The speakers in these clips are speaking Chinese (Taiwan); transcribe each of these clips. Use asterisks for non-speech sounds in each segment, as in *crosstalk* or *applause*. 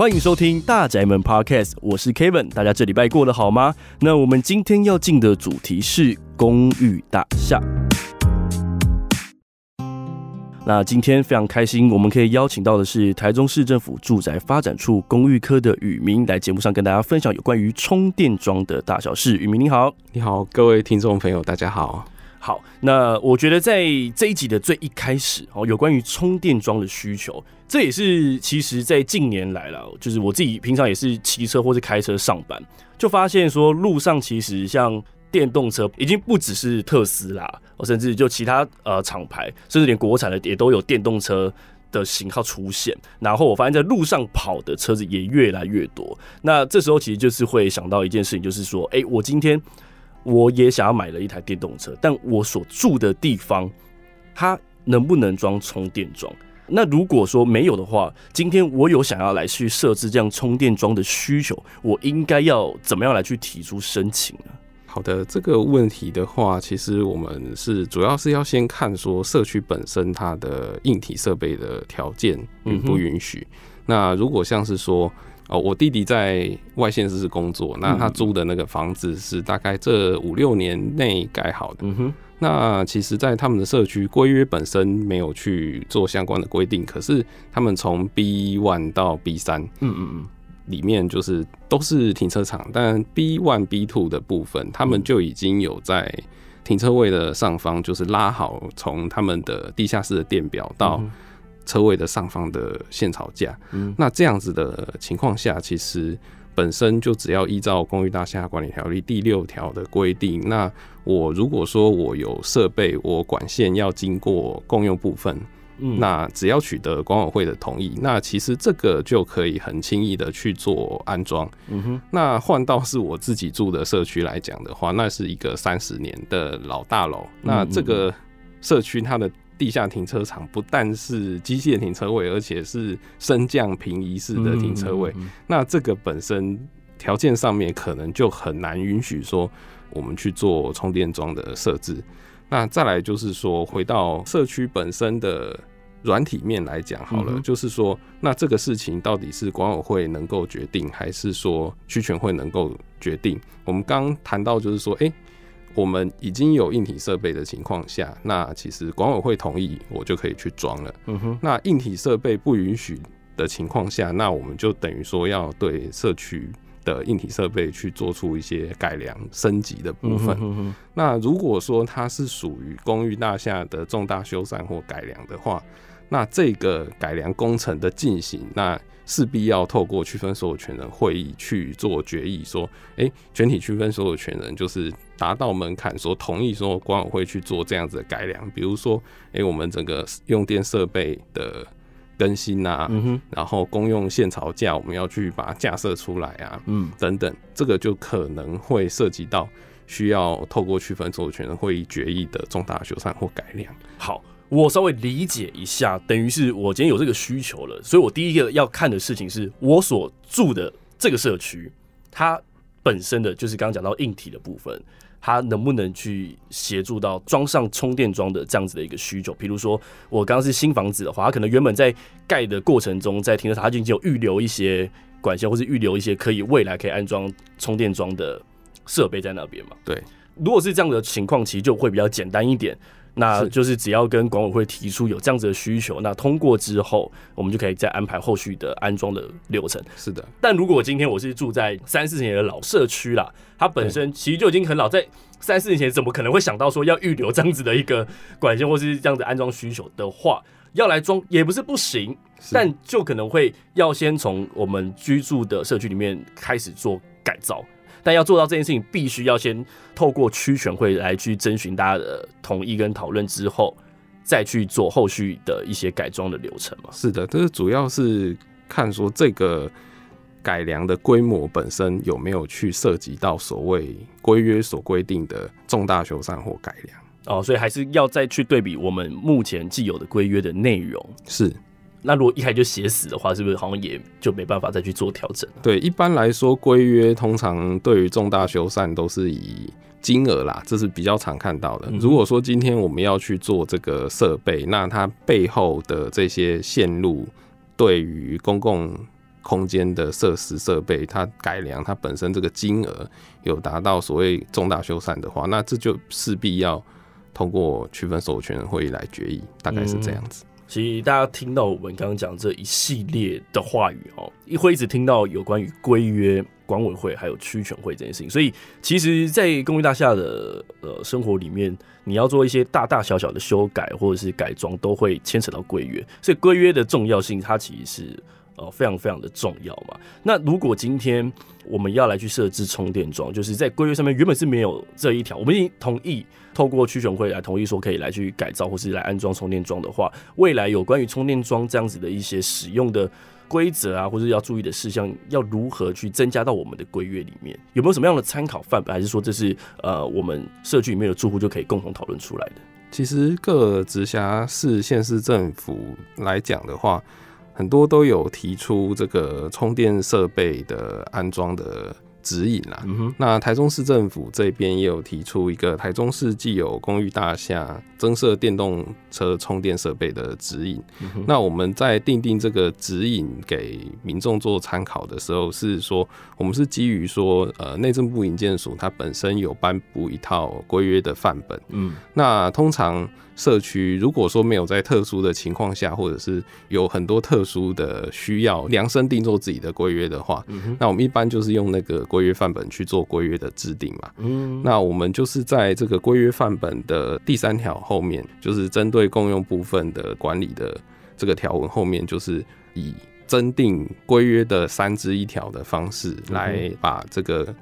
歡迎收聽《大宅門》Podcast，我是 Kevin。大家這禮拜過得好嗎？那我們今天要進的主題是公寓大廈。那今天非常開心，我們可以邀請到的是台中市政府住宅發展處公寓科的宇明來節目上跟大家分享有關於充電樁的大小事。宇明你好，你好，各位聽眾朋友，大家好。好，那我覺得在這一集的最一開始，哦，有關於充電樁的需求，這也是其實，在近年來了，就是我自己平常也是騎車或是開車上班，就發現說路上其實像電動車已經不只是特斯拉，甚至就其他呃廠牌，甚至連國產的也都有電動車的型號出現。然後我發現，在路上跑的車子也越來越多。那這時候其實就是會想到一件事情，就是說，哎、欸，我今天。我也想要買了一台電動車，但我所住的地方，它能不能裝充電樁？那如果說沒有的話，今天我有想要來去設置這樣充電樁的需求，我應該要怎麼樣來去提出申請呢、啊？好的，這個問題的話，其實我們是主要是要先看說社區本身它的硬體設備的條件允不允許、嗯。那如果像是說。哦，我弟弟在外縣市工作，那他租的那個房子是大概這五六年內改好的。嗯哼，那其實，在他們的社區規約本身沒有去做相關的規定，可是他們從 B 1到 B 3，嗯嗯嗯，裡面就是都是停車場，但 B one B two 的部分，他們就已經有在停車位的上方，就是拉好從他們的地下室的電表到。車位的上方的線槽架，嗯，那這樣子的情況下，其實本身就只要依照《公寓大廈管理條例》第六條的規定，那我如果說我有設備，我管線要經過共用部分，嗯，那只要取得管委會的同意，那其實這個就可以很輕易的去做安裝，嗯哼，那換到是我自己住的社區來講的話，那是一個三十年的老大樓，那這個社區它的。地下停車場不但是機械停車位，而且是升降平移式的停車位。嗯嗯嗯嗯，那這個本身條件上面可能就很難允許說我們去做充電樁的設置。那再來就是說，回到社區本身的軟體面來講，好了嗯嗯，就是說，那這個事情到底是管委會能夠決定，還是說區權會能夠決定？我們剛談到就是說，誒、欸。我們已經有硬體設備的情況下，那其實管委會同意，我就可以去裝了。嗯哼。那硬體設備不允許的情況下，那我們就等於說要對社區的硬體設備去做出一些改良升級的部分。嗯哼哼哼。那如果說它是屬於公寓大廈的重大修繕或改良的話，那這個改良工程的進行，那勢必要透過區分所有權人會議去做決議，說，哎、欸，全體區分所有權人就是達到門檻，說同意說管委會去做這樣子的改良，比如說，哎、欸，我們整個用電設備的更新吶、啊嗯，然後公用線槽架我們要去把它架設出來啊，嗯，等等，這個就可能會涉及到需要透過區分所有權人會議決議的重大修繕或改良。好。我稍微理解一下，等於是我今天有這個需求了，所以我第一個要看的事情是我所住的這個社區，它本身的就是剛剛講到硬體的部分，它能不能去協助到裝上充電樁的這樣子的一個需求？比如說我剛剛是新房子的話，它可能原本在蓋的過程中，在停車場它就已經有預留一些管線，或是預留一些可以未來可以安裝充電樁的設備在那邊嘛？對，如果是這樣的情況，其實就會比較簡單一點。那就是只要跟管委會提出有這樣子的需求，那通過之後，我們就可以再安排後續的安裝的流程。是的，但如果今天我是住在三四十年的老社區啦，它本身其實就已經很老，在三四十年前怎麼可能會想到說要預留這樣子的一個管線或是這樣子的安裝需求的話，要來裝也不是不行，但就可能會要先從我們居住的社區裡面開始做改造。但要做到這件事情，必須要先透過區權會來去徵詢大家的同意跟討論之後，再去做後續的一些改裝的流程嘛？是的，這主要是看說這個改良的規模本身有沒有去涉及到所謂規約所規定的重大修繕或改良。哦，所以還是要再去對比我們目前既有的規約的內容。是。那如果一開就寫死的話，是不是好像也就沒辦法再去做調整啊？對，一般來說，規約通常對於重大修繕都是以金額啦，這是比較常看到的。嗯。如果說今天我們要去做這個設備，那它背後的這些線路對於公共空間的設施設備，它改良它本身這個金額有達到所謂重大修繕的話，那這就勢必要通過區分授權會議來決議，大概是這樣子。嗯其實大家聽到我們剛剛講這一系列的話語哦、喔，一會一直聽到有關於規約、管委會還有區權會這件事情，所以其實在，在公寓大廈的呃生活裡面，你要做一些大大小小的修改或者是改裝，都會牽扯到規約，所以規約的重要性，它其實是呃非常非常的重要嘛。那如果今天我們要來去設置充電樁，就是在規約上面原本是沒有這一條，我們已經同意。透過區權會來同意說可以來去改造或是來安裝充電樁的話，未來有關於充電樁這樣子的一些使用的規則啊，或者要注意的事項，要如何去增加到我們的規約裡面，有沒有什麼樣的參考範本，還是說這是呃我們社區裡面的住戶就可以共同討論出來的？其實各直轄市、縣市政府來講的話，很多都有提出這個充電設備的安裝的。指引啦、啊嗯，那台中市政府這邊也有提出一個台中市既有公寓大廈增設電動車充電設備的指引。嗯、那我們在訂定這個指引給民眾做參考的時候，是說我們是基於說，呃，內政部營建署它本身有頒布一套規約的範本。嗯，那通常。社區如果說沒有在特殊的情況下，或者是有很多特殊的需要量身定做自己的規約的話，嗯，那我們一般就是用那個規約範本去做規約的制定嘛，嗯。那我們就是在這個規約範本的第三條後面，就是針對共用部分的管理的這個條文後面，就是以增訂規約的三之一條的方式來把這個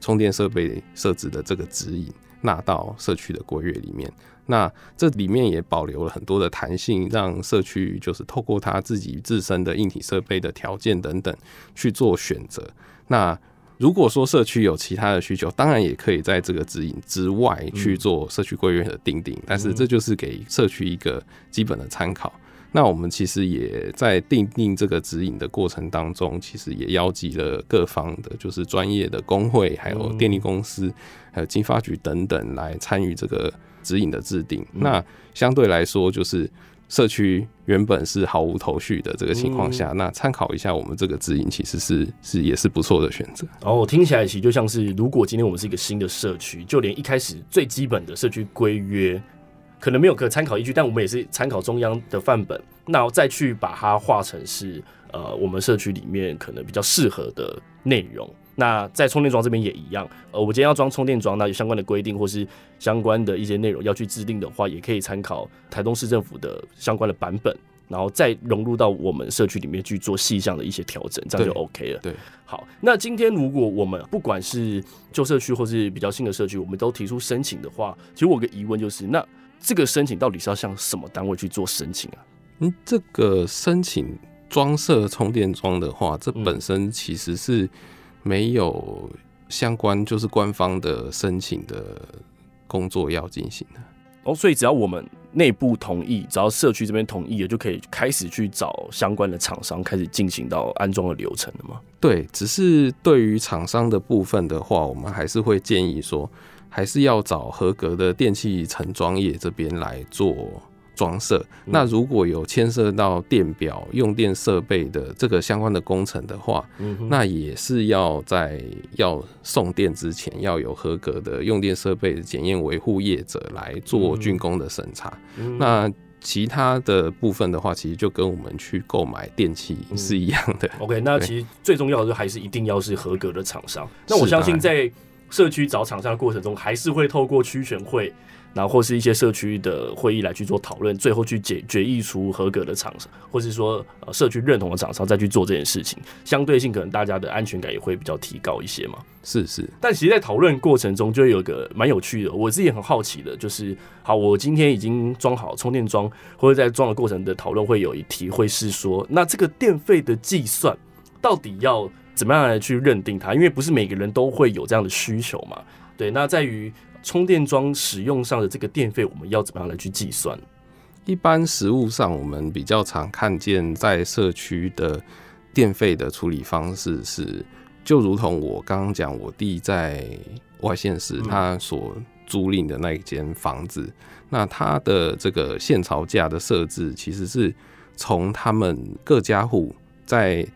充電設備設置的這個指引納到社區的規約裡面。那這裡面也保留了很多的彈性，讓社區就是透過他自己自身的硬體設備的條件等等去做選擇。那如果說社區有其他的需求，當然也可以在這個指引之外去做社區規約的訂定，定、嗯，但是這就是給社區一個基本的參考，嗯。那我們其實也在訂定這個指引的過程當中，其實也邀集了各方的，就是專業的公會、還有電力公司、還有經發局等等來參與這個。指引的制定，嗯，那相對來說就是社區原本是毫無頭緒的這個情況下，嗯、那參考一下我們這個指引，其實是是也是不錯的選擇。然後、哦、聽起來其實就像是，如果今天我們是一個新的社區，就連一開始最基本的社區規約可能沒有可參考依據，但我們也是參考中央的範本，那再去把它化成是呃我們社區裡面可能比較適合的內容。那在充電樁這邊也一樣，呃，我今天要裝充電樁，那有相關的規定或是相關的一些內容要去制定的話，也可以參考臺中市政府的相關的版本，然後再融入到我們社區裡面去做細項的一些調整，這樣就 OK 了。對，對，好，那今天如果我們不管是舊社區或是比較新的社區，我們都提出申請的話，其實我有個疑問就是，那這個申請到底是要向什麼單位去做申請啊？嗯，這個申請裝設充電樁的話，這本身其實是、嗯。沒有相關，就是官方的申請的工作要進行的哦。所以只要我們內部同意，只要社區這邊同意了，就可以開始去找相關的廠商，開始進行到安裝的流程了嗎？對，只是對於廠商的部分的話，我們還是會建議說，還是要找合格的電器承裝業這邊來做。裝設，那如果有牽涉到電表、用電設備的這個相關的工程的話，嗯，那也是要在要送電之前要有合格的用電設備檢驗維護業者來做竣工的審查，嗯。那其他的部分的話，其實就跟我們去購買電器是一樣的，嗯。OK，那其實最重要的是還是一定要是合格的廠商的。那我相信在社區找廠商的過程中，還是會透過區權會。然後或是一些社區的會議來去做討論，最後去決議出合格的廠商，或是說呃社區認同的廠商，再去做這件事情，相對性可能大家的安全感也會比較提高一些嘛。是是，但其實，在討論過程中，就有一個蠻有趣的，我自己很好奇的，就是，好，我今天已經裝好充電樁，或者在裝的過程的討論會有一題，會是說，那這個電費的計算到底要怎麼樣來去認定它？因為不是每個人都會有這樣的需求嘛。對，那在於。充電樁使用上的這個電費，我們要怎麼樣來去計算？一般實務上，我們比較常看見在社區的電費的處理方式是，就如同我剛剛講，我弟在外縣市他所租賃的那一間房子，嗯，那他的這個線槽架的設置，其實是從他們各家戶在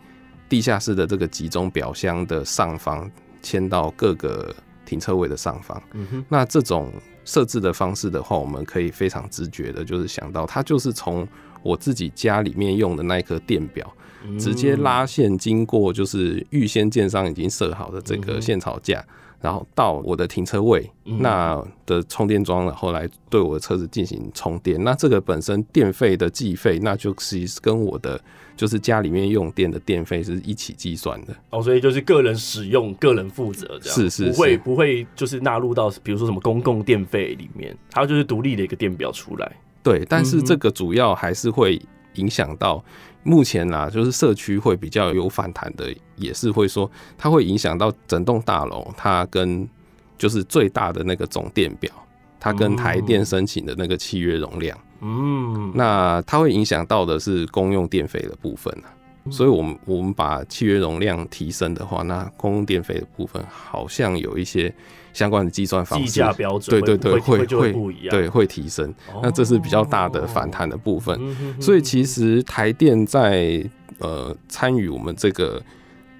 地下室的這個集中表箱的上方，牽到各個。停車位的上方，嗯、那這種設置的方式的話，我們可以非常直覺的，就是想到它就是從我自己家裡面用的那一顆電表、嗯，直接拉線經過，就是預先建商已經設好的這個線槽架、嗯，然後到我的停車位、嗯、那的充電樁，然後來對我的車子進行充電。那這個本身電費的計費，那就是跟我的。就是家裡面用電的電費是一起計算的哦，所以就是個人使用、個人負責這樣，是是，是，不會不會就是納入到比如說什麼公共電費裡面，它就是獨立的一個電表出來。對，但是這個主要還是會影響到、嗯、目前啦、啊，就是社區會比較有反彈的，也是會說它會影響到整棟大樓，它跟就是最大的那個總電表，它跟台電申請的那個契約容量。嗯嗯， *noise* 那它會影響到的是公用電費的部分、啊、所以我們我們把契約容量提升的話，那公用電費的部分好像有一些相關的計算方式、計價標準，對對對，對，會會不一樣，對，會提升。那這是比較大的反彈的部分，所以其實台電在呃參與我們這個，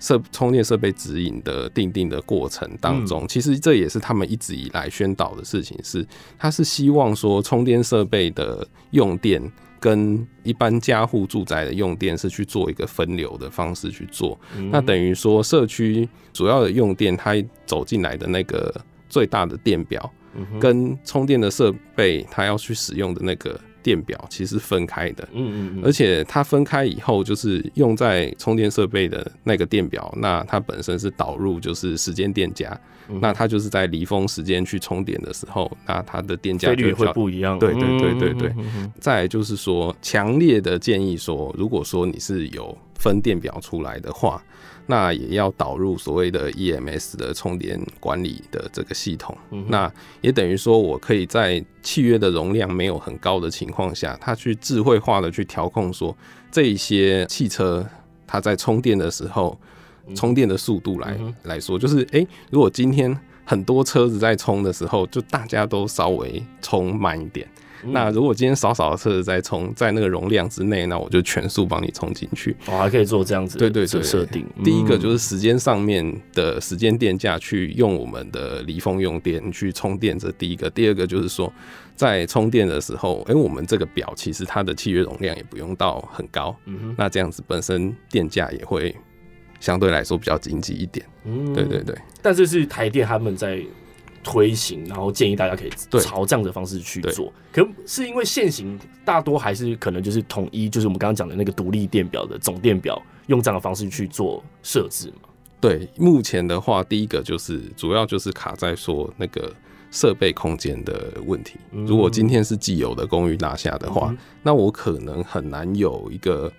設充電設備指引的定定的過程當中，其實這也是他們一直以來宣導的事情，是他是希望說充電設備的用電跟一般家戶住宅的用電是去做一個分流的方式去做，那等於說社區主要的用電，它走進來的那個最大的電錶，跟充電的設備，它要去使用的那個。電表其實分開的，嗯嗯嗯，而且它分開以後，就是用在充電設備的那個電表，那它本身是導入就是時間電價，嗯，那它就是在離峰時間去充電的時候，那它的電價率會不一樣。對對對對對。嗯，再來就是說，強烈的建議說，如果說你是有分電表出來的話。那也要導入所謂的 EMS 的充電管理的這個系統，那也等於說，我可以在契約的容量沒有很高的情況下，它去智慧化的去調控，說這些汽車它在充電的時候，充電的速度來來說，就是誒、欸，如果今天很多車子在充的時候，就大家都稍微充慢一點。那如果今天少少的車子在充，在那個容量之內，那我就全速幫你充進去。我、哦、還可以做這樣子的，對對對，設定、嗯。第一個就是時間上面的時間電價去用我們的離峰用電去充電，這第一個。第二個就是說，在充電的時候，哎、欸，我們這個表其實它的契約容量也不用到很高，嗯哼、那這樣子本身電價也會相對來說比較經濟一點、嗯。對對對。但是是台電他們在。推行，然後建議大家可以朝這樣的方式去做。可是因為現行大多還是可能就是統一，就是我們剛剛講的那個獨立電表的總電表，用這樣的方式去做設置嘛？對，目前的話，第一個就是主要就是卡在說那個設備空間的問題。如果今天是既有的公寓大廈的話、嗯，那我可能很難有一個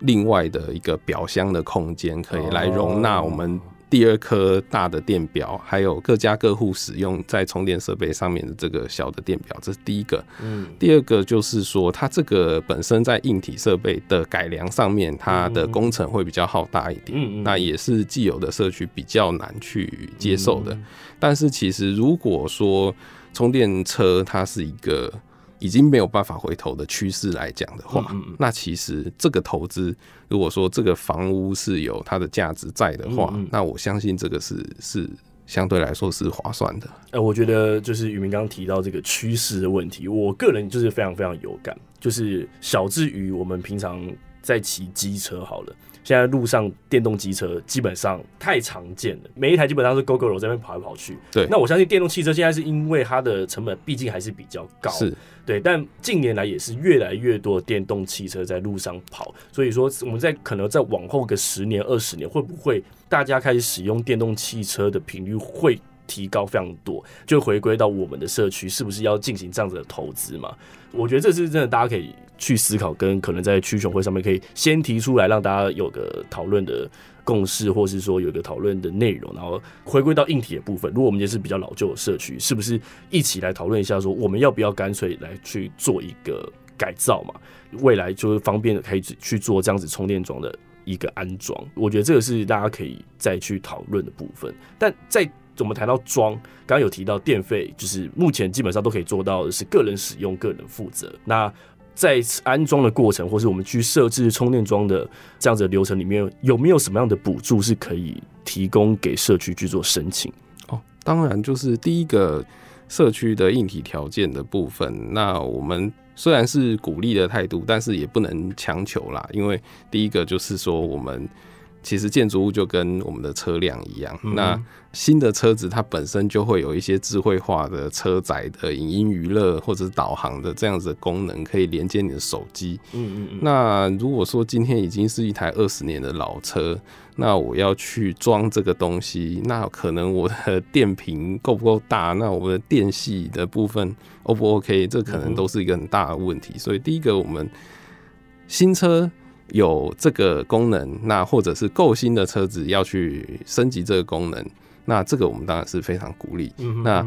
另外的一個表箱的空間可以來容納我們。第二顆大的電表，還有各家各戶使用在充電設備上面的這個小的電表，這是第一個。嗯。第二個就是說，它這個本身在硬體設備的改良上面，它的工程會比較浩大一點，嗯嗯嗯。那也是既有的社區比較難去接受的。但是其實如果說充電車，它是一個。已經沒有辦法回頭的趨勢來講的話，嗯，那其實這個投資，如果說這個房屋是有它的價值在的話，嗯嗯，那我相信這個是是相對來說是划算的。呃，我覺得就是宇明剛剛提到這個趨勢的問題，我個人就是非常非常有感，就是小至於我們平常在騎機車好了。現在路上電動機車基本上太常見了，每一台基本上是 Gogoro 在那邊跑來跑去。對，那我相信電動汽車現在是因為它的成本畢竟還是比較高。是，對，但近年來也是越來越多電動汽車在路上跑，所以說我們在可能在往後個十年、二十年，會不會大家開始使用電動汽車的頻率會提高非常多？就回歸到我們的社區，是不是要進行這樣子的投資嘛？我覺得這是真的，大家可以。去思考跟可能在區雄會上面可以先提出來，讓大家有個討論的共識，或是說有一個討論的內容，然後回歸到硬體的部分。如果我們也是比較老舊的社區，是不是一起來討論一下，說我們要不要乾脆來去做一個改造嘛？未來就是方便的可以去做這樣子充電樁的一個安裝。我覺得這個是大家可以再去討論的部分。但在我們談到裝，剛剛有提到電費，就是目前基本上都可以做到的是個人使用個人負責。那在安裝的過程，或是我們去設置充電樁的這樣子的流程裡面，有沒有什麼樣的補助是可以提供給社區去做申請？哦，當然，就是第一個社區的硬體條件的部分。那我們雖然是鼓勵的態度，但是也不能強求啦。因為第一個就是說我們。其實建築物就跟我們的車輛一樣。嗯嗯，那新的車子它本身就會有一些智慧化的車載的影音娛樂或者是導航的這樣子的功能，可以連接你的手機。嗯嗯嗯。那如果說今天已經是一台二十年的老車，那我要去裝這個東西，那可能我的電瓶夠不夠大？那我們的電系的部分 O 不 OK？這可能都是一個很大的問題。嗯嗯，所以第一個，我們新車有這個功能，那或者是夠新的車子要去升級這個功能，那這個我們當然是非常鼓勵。那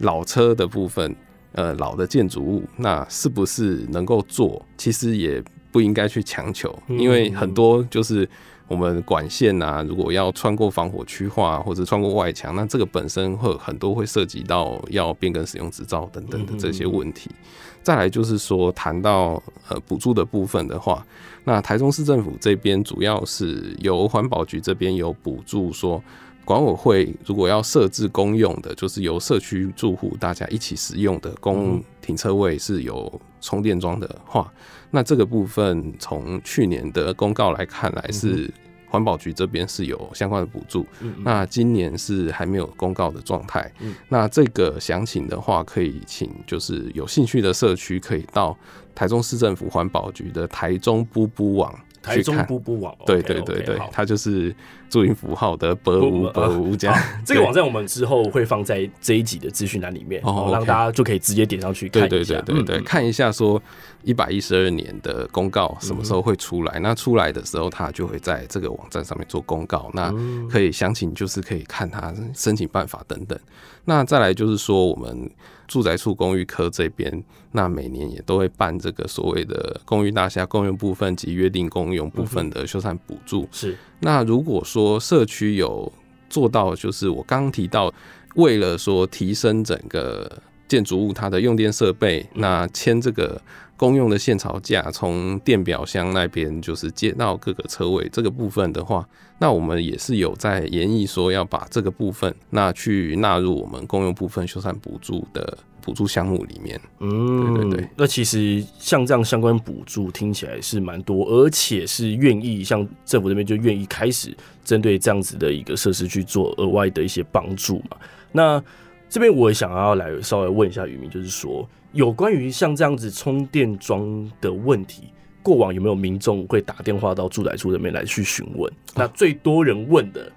老車的部分，呃，老的建築物，那是不是能夠做，其實也不應該去強求，因為很多就是。我們管線吶、啊，如果要穿過防火區劃，或者穿過外牆，那這個本身會有很多會涉及到要變更使用執照等等的這些問題。嗯嗯嗯。再來就是說，談到呃，補助的部分的話，那台中市政府這邊主要是由環保局這邊有補助說，說管委會如果要設置公用的，就是由社區住戶大家一起使用的公共停車位是有。充電樁的話，那這個部分從去年的公告來看，來是環保局這邊是有相關的補助。那今年是還沒有公告的狀態。那這個詳情的話，可以請就是有興趣的社區可以到台中市政府環保局的台中 ㄅㄨㄅㄨ 網。台中 ㄅㄨㄅㄨ 網，對對對對，對，它就是注音符號的 ㄅㄨㄅㄨㄅㄨㄅㄨㄅㄨㄅㄨㄅㄨ 這樣。這個網站我們之後會放在這一集的資訊欄裡面，然、哦、後讓大家就可以直接點上去看一下。對對對對，對，對，對、嗯、看一下說一百一十二年的公告什麼時候會出來？嗯、那出來的時候，它就會在這個網站上面做公告。嗯、那可以詳情就是可以看它申請辦法等等。那再來就是說我們。住宅處公寓科這邊，那每年也都會辦這個所謂的公寓大廈公用部分及約定公用部分的修繕補助。嗯。是，那如果說社區有做到，就是我剛剛提到，為了說提升整個建築物它的用電設備，那簽這個。公用的線槽架，從電表箱那邊就是接到各個車位這個部分的話，那我們也是有在研議說要把這個部分那去納入我們公用部分修繕補助的補助項目裡面。嗯，對對對。那其實像這樣相關補助聽起來是蠻多，而且是願意像政府這邊就願意開始針對這樣子的一個設施去做額外的一些幫助嘛。那這邊我也想要來稍微問一下漁民，就是說。有關於像這樣子充電樁的問題，過往有沒有民眾會打電話到住宅處那邊來去詢問？那最多人問的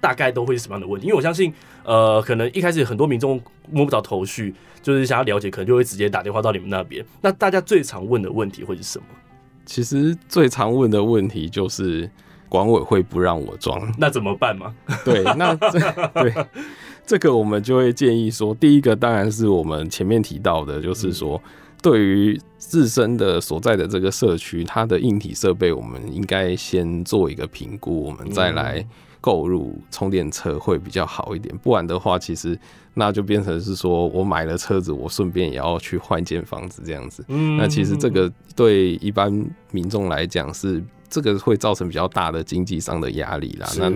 大概都會是什麼樣的問題？因為我相信，呃，可能一開始很多民眾摸不着頭緒，就是想要了解，可能就會直接打電話到你們那邊。那大家最常問的問題會是什麼？其實最常問的問題就是管委會不讓我裝，那怎麼辦嘛？ *laughs* 對，那這樣對。這個我們就會建議說，第一個當然是我們前面提到的，就是說，對於自身的所在的這個社區，它的硬體設備，我們應該先做一個評估，我們再來購入充電車會比較好一點。不然的話，其實那就變成是說我買了車子，我順便也要去換一間房子這樣子。那其實這個對一般民眾來講是這個會造成比較大的經濟上的壓力啦。那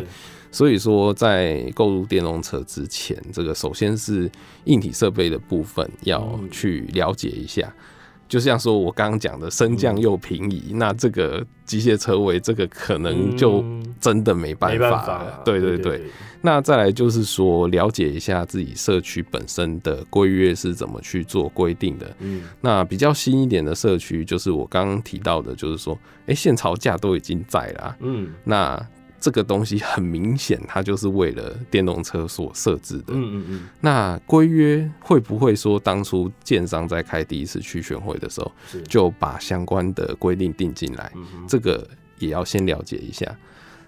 所以說，在購入電動車之前，這個首先是硬體設備的部分要去了解一下。嗯、就像說我剛剛講的，升降又平移，嗯、那這個機械車位，這個可能就真的沒辦法了。了、嗯啊。對對對。那再來就是說，了解一下自己社區本身的規約是怎麼去做規定的。嗯。那比較新一點的社區，就是我剛剛提到的，就是說，哎、欸，線槽架都已經在了。嗯。那。這個東西很明顯，它就是為了電動車所設置的。嗯嗯嗯。那規約會不會說，當初建商在開第一次區權會的時候，就把相關的規定定進來？這個也要先了解一下。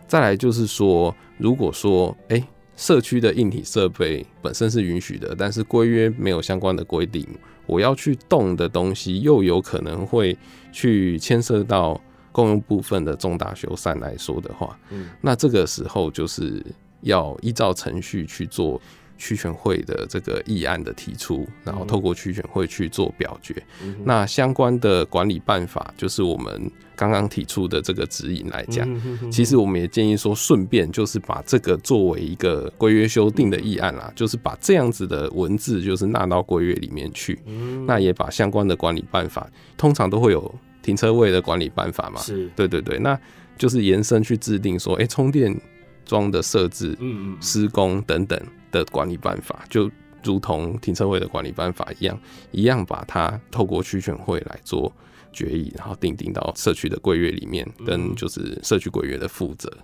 再來就是說，如果說，哎，社區的硬體設備本身是允許的，但是規約沒有相關的規定，我要去動的東西，又有可能會去牽涉到。共用部分的重大修繕來說的話，嗯，那這個時候就是要依照程序去做區權會的這個議案的提出，然後透過區權會去做表決，嗯。那相關的管理辦法就是我們剛剛提出的這個指引來講，嗯，其實我們也建議說，順便就是把這個作為一個規約修訂的議案啦，啊嗯，就是把這樣子的文字就是納到規約裡面去，嗯。那也把相關的管理辦法，通常都會有。停車位的管理辦法嘛，是對對對，那就是延伸去制定說，誒、欸，充電樁的設置、施工等等的管理辦法，就如同停車位的管理辦法一樣，一樣把它透過區權會來做決議，然後訂定到社區的規約裡面，跟就是社區規約的負責、嗯。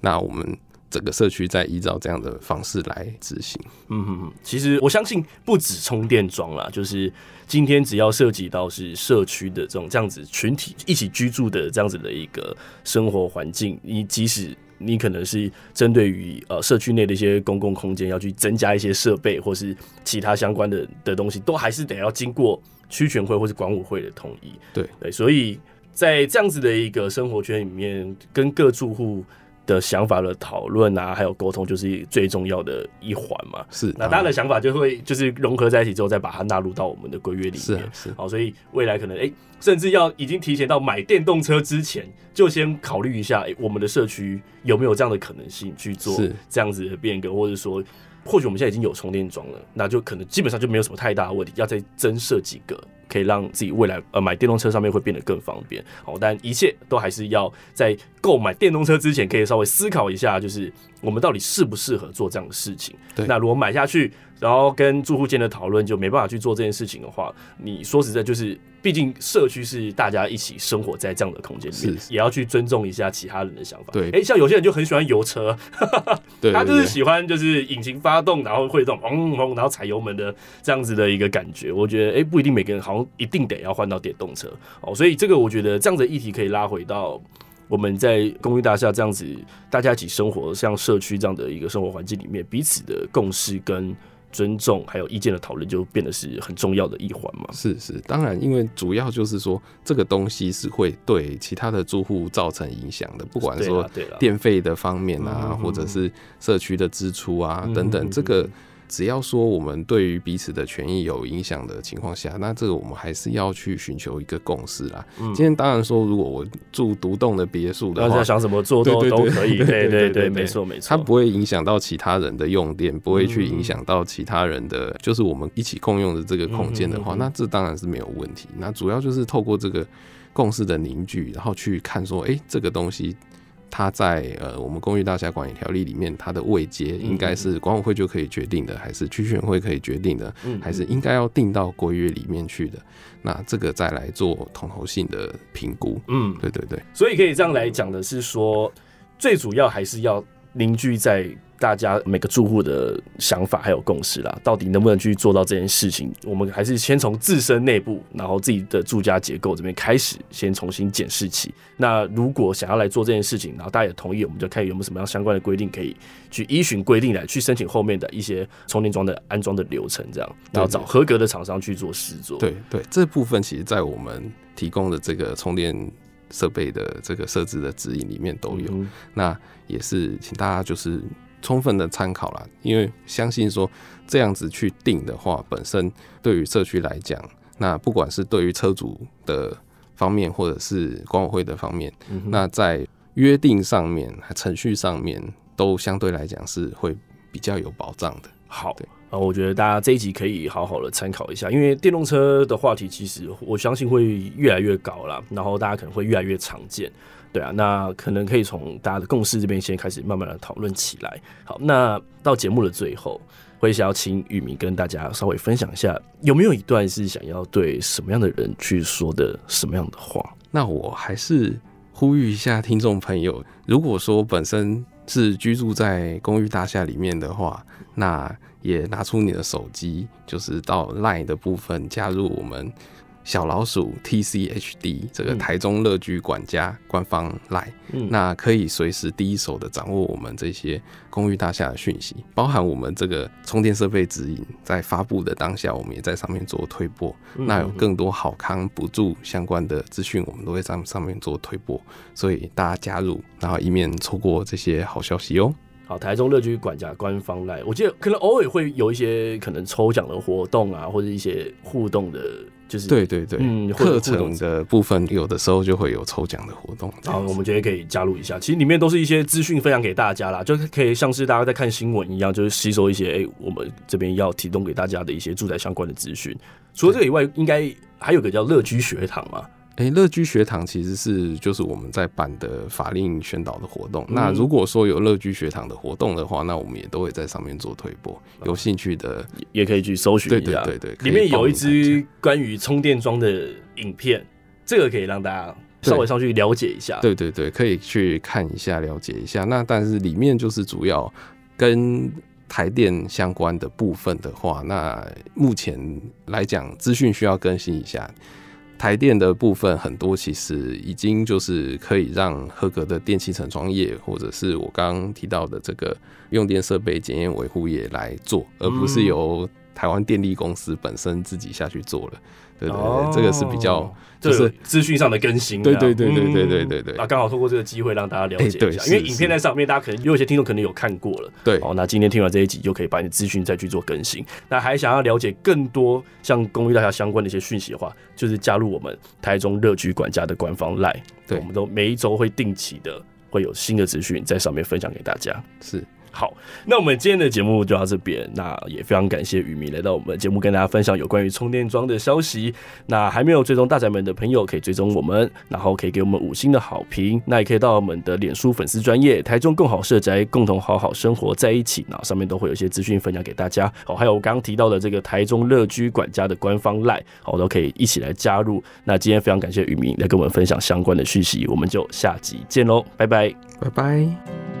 那我們。整個社區在依照這樣的方式來執行。嗯嗯，其實我相信不只充電樁啦，就是今天只要涉及到是社區的這種這樣子群體一起居住的這樣子的一個生活環境，你即使你可能是針對於呃社區內的一些公共空間要去增加一些設備或是其他相關的的東西，都還是得要經過區權會或是管委會的同意。對對，所以在這樣子的一個生活圈裡面，跟各住戶。的想法的討論啊，還有溝通，就是最重要的一環嘛。是，那大家的想法就會就是融合在一起之後，再把它納入到我們的規約裡面是。是，好，所以未來可能哎，欸，甚至要已經提前到買電動車之前，就先考慮一下，欸，我們的社區有沒有這樣的可能性去做這樣子的變革，是。或者說。或許我們現在已經有充電樁了，那就可能基本上就沒有什麼太大的問題，要再增設幾個，可以讓自己未來呃買電動車上面會變得更方便。好，但一切都還是要在購買電動車之前，可以稍微思考一下，就是我們到底適不適合做這樣的事情。對，那如果買下去。然後跟住戶間的討論就沒辦法去做這件事情的話，你說實在就是，畢竟社區是大家一起生活在這樣的空間裡，是，是也要去尊重一下其他人的想法。對，哎，像有些人就很喜歡油車哈哈哈哈對對對，他就是喜歡就是引擎發動，然後會這種嗡嗡、嗯嗯，然後踩油門的這樣子的一個感覺。我覺得，哎，不一定每個人好像一定得要換到電動車哦。所以這個我覺得這樣子的議題可以拉回到我們在公寓大廈這樣子大家一起生活，像社區這樣的一個生活環境裡面，彼此的共識跟。尊重還有意見的討論就變得是很重要的一環嘛。是是，當然，因為主要就是說這個東西是會對其他的住戶造成影響的，不管說電費的方面啊，或者是社區的支出啊，嗯嗯等等，這個。只要說我們對於彼此的權益有影響的情況下，那這個我們還是要去尋求一個共識啦。嗯、今天當然說，如果我住獨棟的別墅的話，大家想怎麼做都，對對對都可以，對對對，對，對，對，對，對，對，對，沒錯沒錯。它不會影響到其他人的用電，不會去影響到其他人的、嗯，就是我們一起共用的這個空間的話嗯嗯嗯嗯，那這當然是沒有問題。那主要就是透過這個共識的凝聚，然後去看說，哎、欸，這個東西。他在呃，我們公寓大廈管理條例裡面，他的位階應該是管委會就可以決定的，還是區權會可以決定的，還是應該要定到規約裡面去的、嗯嗯？那這個再來做統籌性的評估。嗯，對對對。所以可以這樣來講的是說，最主要還是要凝聚在。大家每個住戶的想法還有共識啦，到底能不能去做到這件事情？我們還是先從自身內部，然後自己的住家結構這邊開始，先重新檢視起。那如果想要來做這件事情，然後大家也同意，我們就看有沒有什麼樣相關的規定可以去依循規定來去申請後面的一些充電樁的安裝的流程，這樣，然後找合格的廠商去做試做。對對，對，這部分其實在我們提供的這個充電設備的這個設置的指引裡面都有。嗯。嗯，那也是請大家就是。充分的參考啦，因為相信說這樣子去定的話，本身對於社區來講，那不管是對於車主的方面，或者是管委會的方面，嗯，那在約定上面，程序上面，都相對來講是會比較有保障的。好，啊，我覺得大家這一集可以好好的參考一下，因為電動車的話題其實我相信會越來越高啦，然後大家可能會越來越常見。對啊，那可能可以從大家的共識這邊先開始，慢慢的討論起來。好，那到節目的最後，我也想要請玉米跟大家稍微分享一下，有沒有一段是想要對什麼樣的人去說的，什麼樣的話？那我還是呼籲一下聽眾朋友，如果說本身是居住在公寓大廈裡面的話，那也拿出你的手機，就是到 LINE 的部分加入我們。小老鼠 T C H D 這個台中樂居管家官方 Line、嗯、那可以隨時第一手的掌握我們這些公寓大廈的訊息，包含我們這個充電設備指引，在發布的當下，我們也在上面做推播。嗯、那有更多好康補助相關的資訊，我們都會在上面做推播，所以大家加入，然後以免錯過這些好消息哦，喔。好，台中樂居管家官方 Line 我記得可能偶爾會有一些可能抽獎的活動啊，或者一些互動的。就是、嗯、對對對，嗯，課程的部分有的時候就會有抽獎的活動，然後我們今天可以加入一下。其實裡面都是一些資訊分享給大家啦，就可以像是大家在看新聞一樣，就是吸收一些哎、欸，我們這邊要提供給大家的一些住宅相關的資訊。除了這個以外，應該還有個叫樂居學堂嘛。哎、欸，樂居學堂其實是就是我們在辦的法令宣導的活動。嗯、那如果說有樂居學堂的活動的話，那我們也都會在上面做推播。嗯、有興趣的也可以去搜尋，對對對對，裡面有一支關於充電樁的影片，這個可以讓大家稍微上去了解一下對。對對對，可以去看一下，了解一下。那但是裡面就是主要跟台電相關的部分的話，那目前來講資訊需要更新一下。台電的部分很多，其實已經就是可以讓合格的電器承裝業，或者是我剛剛提到的這個用電設備檢驗維護業來做，而不是由。台灣電力公司本身自己下去做了，對對對、哦，這個是比較就是資訊上的更新。嗯、對，對，對，對對對對對對對啊，剛好透過這個機會讓大家了解一下，因為影片在上面，大家可能有些聽眾可能有看過了。對，好，那今天聽完這一集，就可以把你的資訊再去做更新。那還想要了解更多像公寓大廈相關的一些訊息的話，就是加入我們台中熱局管家的官方 Line，對，我們都每一周會定期的會有新的資訊在上面分享給大家。是。好，那我們今天的節目就到這邊。那也非常感謝雨米來到我們節目，跟大家分享有關於充電樁的消息。那還沒有追蹤大宅門的朋友，可以追蹤我們，然後可以給我們五星的好評。那也可以到我們的臉書粉絲專業“台中更好設宅”，共同好好生活在一起。那上面都會有一些資訊分享給大家。哦，還有我剛剛提到的這個台中樂居管家的官方 l i e 都可以一起來加入。那今天非常感謝雨米來跟我們分享相關的訊息，我們就下集見嘍，拜拜，拜拜。